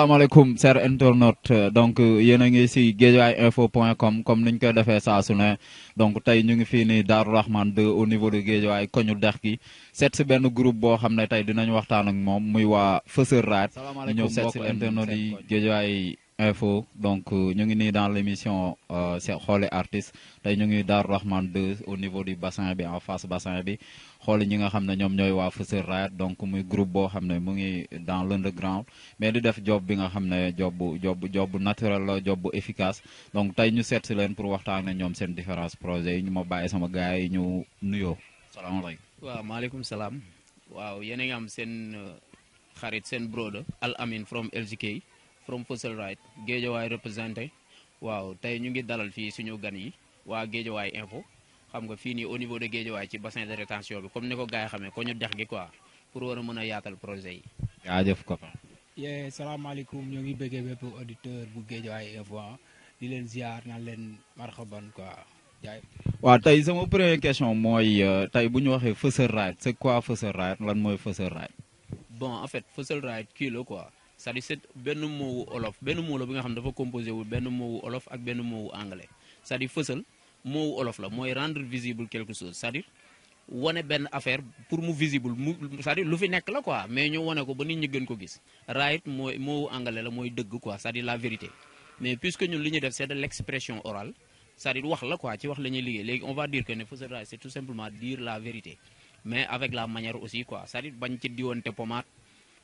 asalaamaaleykum cher internaute euh, donc euh, yéen a ngi si géej Guédiawaye info point com comme niñ koy defee saa su ne donc tey ñu ngi fii nii Darou Rahman 2 au niveau de Guédiawaye koñu dex gi seet si benn groupe boo xam ne tey dinañ waxtaan ak moom muy waa Fësër Raad. ñu ñëw seet si internaute yi Guédiawaye info donc euh, ñu ngi nii dans l' émission euh, xoole artiste tey ñu ngi Darou Rahmane 2 au niveau du bassin bi en face bassin bi xoole ñi nga xam ne ñoom ñooy waa Fësër Raad donc muy groupe boo xam ne mu ngi dans l' underground mais di def job bi nga xam ne job bu job bu job bu naturel la job bu efficace donc tey ñu seet leen pour waxtaan ak ñoom seen différence projet yi ñu ma bàyyi sama gars yi ñu nuyoo salaamaaleykum. waaw maaleykum salaam waaw a am seen euh, xarit seen broda Al from Fossil Right, Géejawaay représenté waaw tay ñu ngi dalal fi suñu gan yi wa Géejawaay info xam nga fi ni au niveau de Géejawaay ci bassin de rétention bi comme niko gaay xamé ko ñu dex gi quoi pour wara mëna yaatal projet yi. Ya def ko fa. salam salaamaaleykum ñoo ngi bëggee bépp auditeur bu Géejawaay info ah. di leen ziar na leen marhaban quoi. Wa tay sama première question moy euh, tay bu ñu waxee Fossil Ride c'est quoi Fossil Right? lan moy Fossil Right? bon en fait Fossil Right kii la quoi c'est-à-dire c'est benn moowu olof benn moo la bi nga xam dafa composé wu benn moowu olof ak ben moowu anglais c'est-à-dire fësal moowu olof la moy rendre visible quelque chose c'est-à-dire wane benn affaire pour mu visible c'est-à-dire lu fi nek la quoi mais ñu woné ko ba nit ñi gën ko gis right mooy moowu anglais la moy deug quoi c'est-à-dire la vérité mais puisque ñun li ñu def c'est de l'expression orale c'est-à-dire wax la quoi ci wax lañuy liggé légui on va dire que ne fësal right c'est tout simplement dire la vérité mais avec la manière aussi quoi c'est-à-dire bañ ci diwante pommade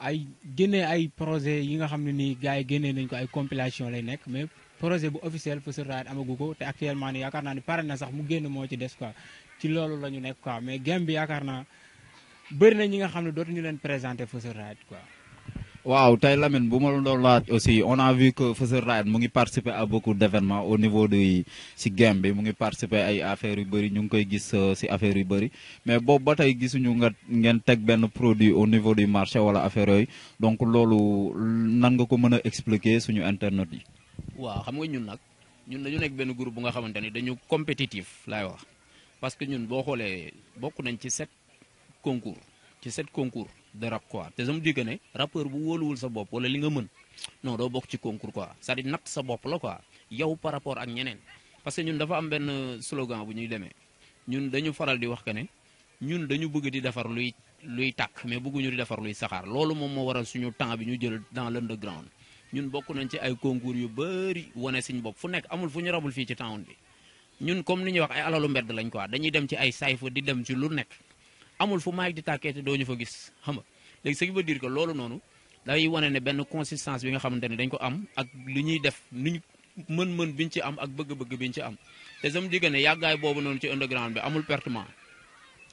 ay génnee ay projet yi nga xam ne nii gars yi génnee nañ ko ay compilation lay nekk mais projet bu officiel Feu Ride amagu ko te actuellement ni yaakaar naa ni pare na sax mu génn moo ci des quoi ci loolu la ñu nekk quoi mais game bi yaakaar naa bëri na ñi nga xam ne dootuñu leen présenter Feu Ride quoi Wow, tay Lamine, bu ma laaj aussi, on a vu que Fesseur Ryan mo ngi participer à beaucoup d'événements au niveau de ci game bi, mu ngi participer ay affaires yu bari, ñu ngi koy gis ci euh, affaires yu bari. Mais bo ba tey gisuñu nga ngeen tek ben produit au niveau du marché wala affaire yoy Donc lolu nan nga ko mën expliquer suñu internet yi. Waaw, xam nga ñun nak ñun dañu nek ben groupe bu nga xamanteni dañu compétitif lay wax. Parce que ñun bo xolé bokku nañ ci set concours, ci set concours de rap quoi té sama digg ne rappeur bu wóoluwul sa bop wala li nga mën non do bok ci concours quoi cest à nat sa bop la quoi yow par rapport ak ñenen parce que ñun dafa am ben slogan bu ñuy démé ñun dañu faral di wax que ne ñun dañu bëgg di défar luy luy tak, mais ñu di défar luy saxar loolu mom mo waral suñu temps bi ñu jël dans l'underground ñun bokku nañ ci ay concours yu bëri wane suñ bop fu nek amul fu ñu rabul fi ci town bi ñun comme ni ñuy wax ay alalu mbedd lañ quoi dañuy dem ci ay saifu di dem ci lu nek amul fu Malick di tàkkee te doo ñu fa gis xam nga léegi ce qui veut ko loolu noonu day wane ne benn consistance bi nga xamante ne dañ ko am ak lu ñuy def lu ñu mën-mën biñ ci am ak bëgg-bëgg biñ ci am te sama digga ne yàggaay boobu noonu ci underground bi amul pertement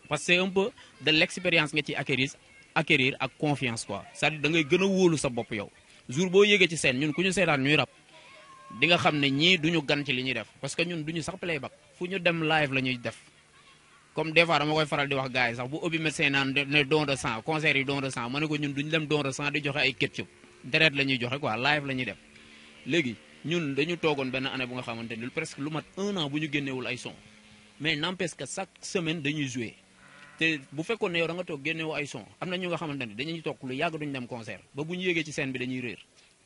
parce que c'est un peu de l'expérience nga ci acquérir acquérir ak confiance quoi c'est-à-dire da ngay gën a wóolu sa bopp yow jour boo yégee ci seen ñun ku ñu seetaan ñuy rab di nga xam ne ñii duñu gan ci li ñuy def parce que ñun duñu sax playback fu ñu dem live la ñuy def comme des fois dama koy faral di wax gars yi sax bu ubbi médecin naan ne don de sang concert yi don de sang ma ne ko ñun duñ dem don de sang di joxe ay ketchup deret la ñuy joxe quoi live la ñuy léegi ñun dañu toogoon benn année bu nga xamante ni presque lu mat un an bu ñu génneewul ay son mais n'empêche que chaque semaine dañuy jouer te bu fekkoon ne yow da nga ay son am na ñu nga xamante ni dañuy toog lu yàgg duñ dem concert ba bu ñu yéegee ci scène bi dañuy réer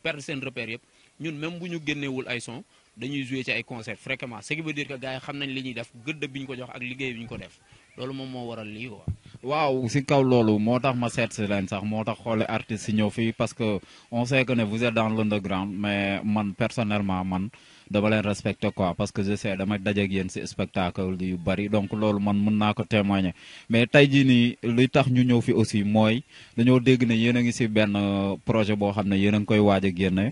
perdre seen repère yëpp ñun même bu ñu génnewul ay son dañuy jouer ay concert fréquemment ce qui veut dire que gars xam nañ li ñuy def gëdd bi ñu ko jox ak liggéey bi ko def loolu moom moo waral lii quoi. waaw si kaw loolu moo tax ma seet si leen sax moo tax xoole artistes si ñëw fii parce que on sait que ne vous êtes dans l'underground mais man personnellement man dama leen respecté quoi parce que je sais dama dajeeg yéen si spectacle yu bari donc loolu man mën naa ko témoigner mais tey jii nii li tax ñu ñëw fi aussi mooy dañoo dégg ne yéen ngi si benn euh, projet boo xam ne yéen a ngi koy waaj a génne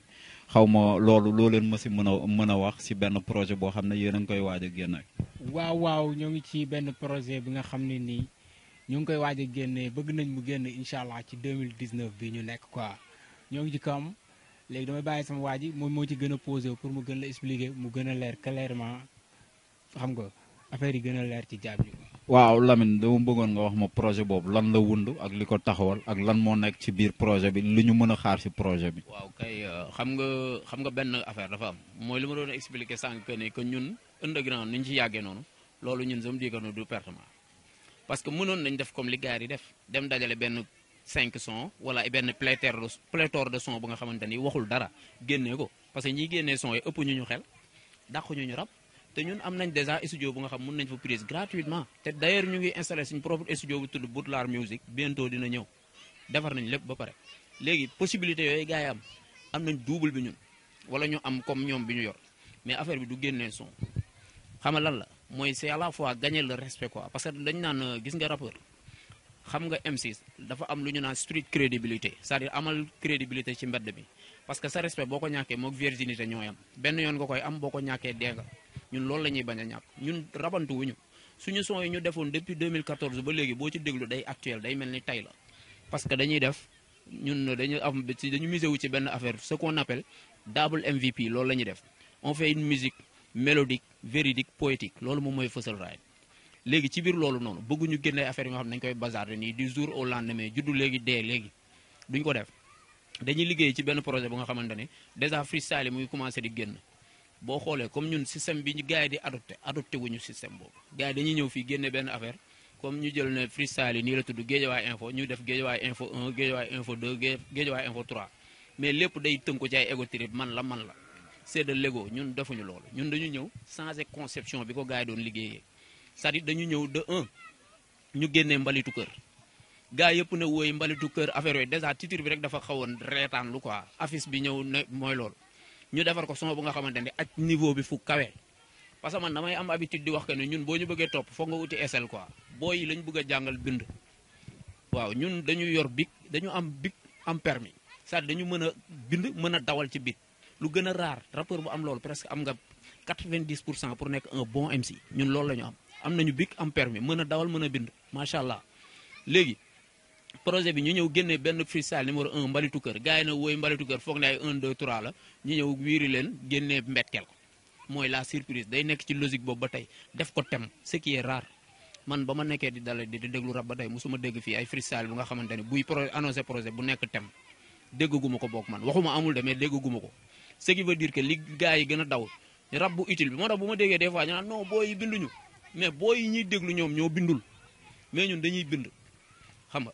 xaw ma loolu loo leen ma si mën a mën a wax si benn projet boo xam ne yéen a ngi koy waaj a génne. waaw waaw ñoo ngi ci benn projet bi nga xam ne nii ñoo ngi koy waaj a génne bëgg nañ mu génn incha allah ci 2019 bi ñu nekk quoi ñoo ngi ci am léegi damay bàyyi sama waa ji moom moo ci gën a posé pour mu gën la expliquer mu gën a leer clairement xam nga affaire yi gën a leer ci jaab ñu waaw Lamine dama bëggoon nga wax ma projet boobu lan la wund ak li ko taxawal ak lan moo nekk ci biir projet bi lu ñu mën a xaar ci projet bi. waaw kay euh, xam nga xam nga benn affaire dafa am mooy li ma doon expliquer sànq que ne que ñun underground ni ñu ci yàggee noonu loolu ñun sama diikano du pertement parce que mënoon nañ def comme li gars yi def dem dajale benn cinq son wala benn pléter de pléthore de son bu nga xamante ni waxul dara génnee ko parce que ñiy génnee son yi ëpp ñu ñu xel dàqu ñu ñu rab. te ñun am nañ déjà studio bu nga xam mun nañ fa prise gratuitement te d'ailleurs ñu ngi installé suñu propre studio bu tudd Boutlar Music bientôt dina ñëw defar nañ lépp ba pare léegi possibilité yooyu gars yi am am nañ double bi ñun wala ñu am comme ñoom bi ñu yor mais affaire bi du génnee son xam nga lan mooy c'est à la fois gagner le respect parce que dañ naan euh, gis nga rappeur nga m dafa am lu ñu naan street crédibilité cest di dire amal crédibilité ci mbedd mi parce que sa respect boo ko ñàkkee moo virginité ñooy am benn yoon nga koy am boo ko ñàkkee dee nga ñun loolu la ñuy bañ a ñàkk ñun rabantu wuñu suñu son yi ñu defoon depuis 2014 ba léegi boo ci déglu day actuel day mel ni tey la parce que dañuy def ñun dañu am ci dañu musé wu ci benn affaire ce qu'on appelle double MVP loolu la ñuy def on fait une musique mélodique véridique poétique loolu moom mooy Fësël Ride léegi ci biir loolu noonu bëgguñu génne affaire yi nga xam ne dañ koy bazarder ni du jour au lendemain juddu léegi dee léegi duñ ko def dañuy liggéey ci benn projet bu nga xamante ne dèjà freestyle yi mu ngi commencé di génn boo xoolee comme ñun système bi ñu gars yi di adopté adopté wuñu système boobu gars yi dañuy ñëw fii génne benn affaire comme ñu jël ne freestyle yi nii la tudd Guédiawaye info ñu def Guédiawaye info 1 Guédiawaye info 2 Guédiawaye info 3 mais lépp day tënku ci ay ego trip man la man la c'est de l'ego ñun defuñu loolu ñun dañu ñëw changer conception bi ko gars yi doon liggéeyee cest dañu ñëw de un ñu génnee mbalitu kër gars yëpp ne wooy mbalitu kër affaire yooyu déjà titre bi rek dafa xawoon reetaan lu quoi affiche bi ñëw ne mooy loolu ñu defar ko son bu nga xamante ne ak niveau bi fu kawee parce que man damay am habitude di wax que ne ñun boo ñu bëggee topp foog nga wuti SL quoi booy yi lañ bëgg a jàngal bind. waaw ñun dañu yor bic dañu am bic am permis cest dañu mën a bind mën a dawal ci bic lu gën a raar rappeur bu am loolu presque am nga 90 pour cent pour nekk un bon MC ñun loolu lañu ñu am am nañu bic am permis mën a dawal mën a bind macha allah léegi. projet bi ñu ñëw génne benn freestyle numéro un mbalitu kër gars yi na wooy mbalitu kër foog ne ay 1 2 la ñu ñëw wiiri leen génnee mbettel ko mooy la surprise day nekk ci logique boobu ba tey def ko tem ce qui est man ba ma nekkee di dale di déglu rab ba tey suma dégg fii ay freestyle bu nga xamante ne buy pro annoncé projet bu nekk thème déggaguma ko boog man waxuma amul de mais déggaguma ko ce qui veut dire li gars yi gën a daw rab bu utile bi moo tax bu ma déggee des fois ñu naan non booy mais booy yi déglu ñoom ñoo bindul mais ñun dañuy bind xam nga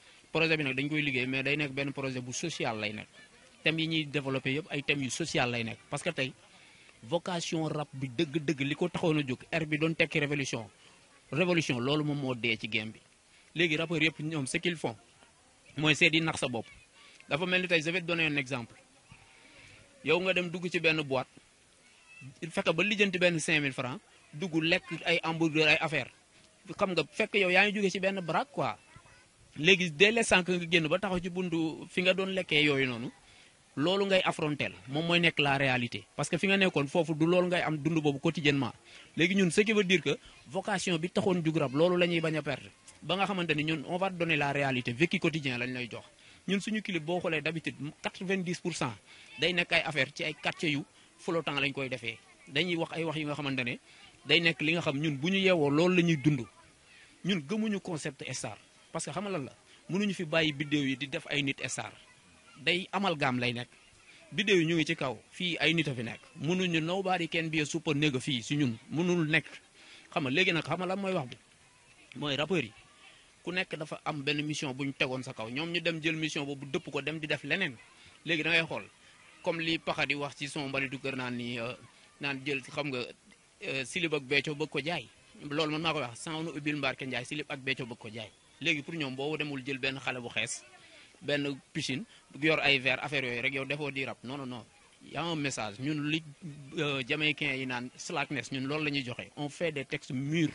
projet bi nak dañ koy liggéey mais day nek ben projet bu social lay nekk thèmes yi ñuy développé yëpp ay thème yu social lay nek parce que tay vocation rap bi deug deug liko ko taxoon a bi doon tek révolution révolution loolu mom mo dé ci game bi légui rappeurs yëpp ñom ce qu'ils font moy seet di nax sa bop dafa melni tay je vais te donner un exemple yow nga dem dugg ci ben boîte fekk ba lijjanti ben 5000 francs dugg lek ay hamburger ay affaire xam nga fekk yow yaa ngi jóge ci ben braque quoi léegi dès l'instant que nga génn ba taxaw ci buntu fi nga doon lekkee yooyu noonu loolu ngay affronter moom mooy nekk la réalité parce que fi nga nekkoon foofu du loolu ngay am dund boobu quotidiennement léegi ñun ce qui veut dire que vocation bi taxoon jug rab loolu la ñuy bañ a ba nga xamante ni ñun on va donner la réalité vécu quotidien lañ lay jox ñun suñu clip boo xoolee d'habitude 90 pour cent day nekk ay affaire ci ay quartier yu flottant lañ koy defee dañuy wax ay wax yi nga xamante ne day nekk li nga xam ñun bu ñu yeewoo loolu la ñuy dund ñun gëmuñu concept star parce que xam nga la mënuñu fi bàyyi biddéew yi di def ay nit star day amal gaam lay nekk biddéew yi ñu ngi ci kaw fii ay nit a fi nekk mënuñu nobody can be a super nigga fii si ñun mënul nekk xam nga léegi nag xam nga lan mooy wax bi mooy rappeurs yi ku nekk dafa am benn mission bu ñu tegoon sa kaw ñoom ñu dem jël mission boobu dëpp ko dem di def leneen léegi da xool comme li paxa di wax ci son mbalitu kër naan ni euh, naan jël xam nga euh, silib ak beeco bëgg ko jaay loolu man maa ko wax sans nu ubbil mbaarke njaay silib ak beeco bëgg ko jaay léegi pour ñoom boo demul jël benn xale bu xees benn piscine yor ay verre affaire yooyu rek yow defoo di rab non non non message ñun li euh, jamaïcain yi naan slackness ñun loolu la ñuy joxe on fait de textes mûrs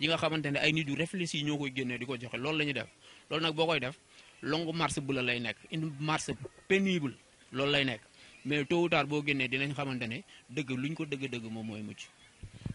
yi nga xamante ne ay nit yu réfléchis ñoo koy génnee di ko joxe loolu la ñuy def loolu nag boo koy def longue marche bu la lay nekk une marche pénible loolu lay nekk mais tôt ou boo génnee dinañ xamante ne dëgg luñ ko dëgg-dëgg moom mooy mucc.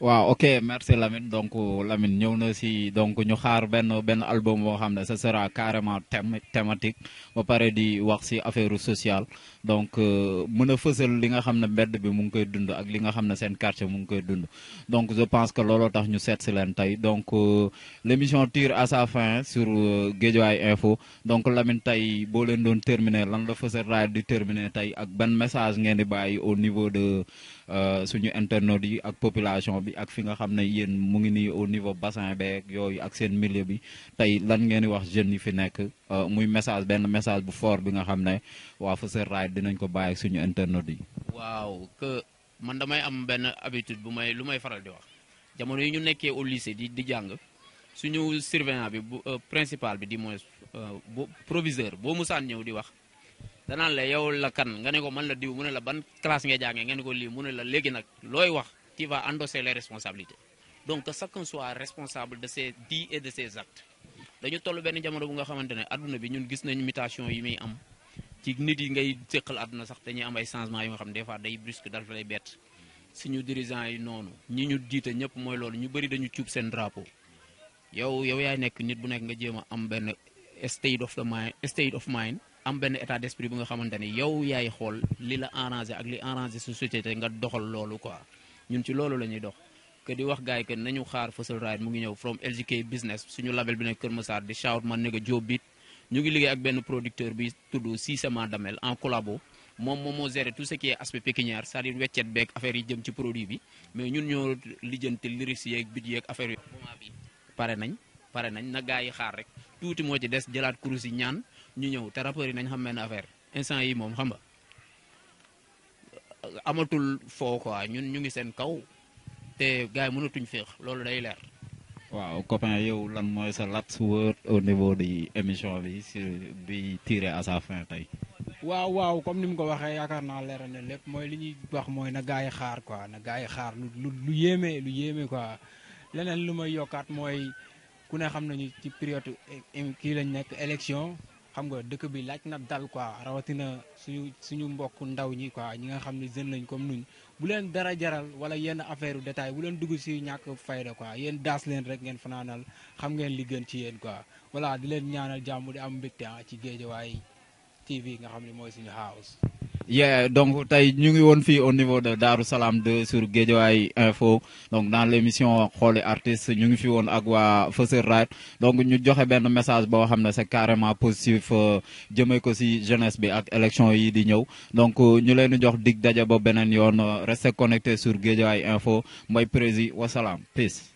waaw ok merci Lamine donc Lamine ñëw na si donc ñu xaar benn benn album boo xam ne ce sera carrément thème thématique ba pare di wax si affaire sociale donc euh, mën a fësal li nga xam ne mbedd bi mu ngi koy dund ak li nga xam ne seen quartier mu ngi koy dund donc je pense que looloo tax ñu seet si leen tey donc euh, l' émission tire à sa fin sur euh, Guédiawaye Info donc Lamine tey boo leen doon terminer lan la fësal raay di terminer tey ak ban message ngeen di bàyyi au niveau de suñu internautes yi ak population bi ak fi nga xam ne yéen mu ngi nii au niveau bassin beeg yooyu ak seen milieu bi tey lan ngeen di wax jeunes yi fi nekk muy message benn message bu fort bi nga xam ne waa fësal raay dinañ ko bàyyi suñu internet yi. waaw que man damay am benn habitude bu may lu may faral di wax jamono yi ñu nekkee au lycée di di jàng suñu surveillant bi bu euh, principal bi di mooy euh, bu proviseur boo musaan ñëw di wax. danaan la yow la kan nga ne ko man la diw mu ne la ban classe ngay jàngee nga ne ko lii mu ne la léegi nag looy wax tu vas endosser les responsabilités donc que chacun soit responsable de ses di et de ses actes dañu toll benn jamono bu nga xamante ne adduna bi ñun gis nañ mutation yi muy am ci nit yi ngay séqal àdduna sax dañuy am ay changement yoo xam ne des fois day brusque dal fa lay bett suñu dirigeant yi noonu ñi ñu jiite ñëpp mooy loolu ñu bëri dañu cuub seen drapeau yow yow yaay nekk nit bu nekk nga jéem a am benn state of the mind state of mind am benn état d'esprit bu nga xamante ne yow yaay xool li la arrangé ak li arrangé sa société nga doxal loolu quoi ñun ci loolu la ñuy dox que di wax gars yi que nañu xaar Feuseul Ride mu ngi ñëw from LGK business suñu label bi nekk Kër Massar di shout man nigga Joe Beat ñu ngi liggéey ak benn producteur bi tudd Cissema Damel en collabo moom moom moo géré tout ce qui est aspect pécuniaire c'est-à-dire weccet beeg affaire yi jëm ci produit bi mais ñun ñoo lijjanti liris yeeg bit yeeg affaire yi moment pare nañ pare nañ na gaa yi xaar rek tuuti moo ci des jëlaat kurus yi ñaan ñu ñëw te rappeurs nañ xam benn affaire instant yi moom xam nga amatul foo quoi ñun ñu ngi seen kaw te gars yi mënatuñ féex loolu day leer waaw copain yow lan mooy sa last word au niveau de émission bi si bi tiré à sa fin tey. waaw waaw comme ni mu ko waxee yaakaar naa leeral na lépp mooy li ñuy wax mooy na gaa yi xaar quoi na gaa yi xaar lu lu lu yéeme lu yéeme quoi leneen lu may yokkaat mooy ku ne xam nañu ci période eh, kii lañ nekk élection. xam nga dëkk bi laaj na dal quoi rawatina suñu suñu mbokk ndaw ñi quoi ñi nga xam ne jeune lañ comme nuñ bu leen dara jaral wala yenn affaire yu bu leen dugg si ñàkk fayda quoi yéen daas leen rek ngeen fanaanal xam ngeen li gën ci yéen quoi voilà di leen ñaanal jàmm di am mbégte ah, ci Guédiawaye TV nga xam ni mooy suñu house Yeah, donc tay ñu ngi won fi au niveau de Darussalam Salam 2 sur Guédiawaye Info donc dans l'émission, émission artiste ñu ngi fi won ak waa Fësër donc ñu joxé benn message bo xamné c'est carrément positif euh, jëmee ko ci jeunesse bi ak élection yi di ñëw donc euh, ñu leen nous jox dig daje bo benen yoon euh, restez connecté sur Guédiawaye Info mooy wa salam peace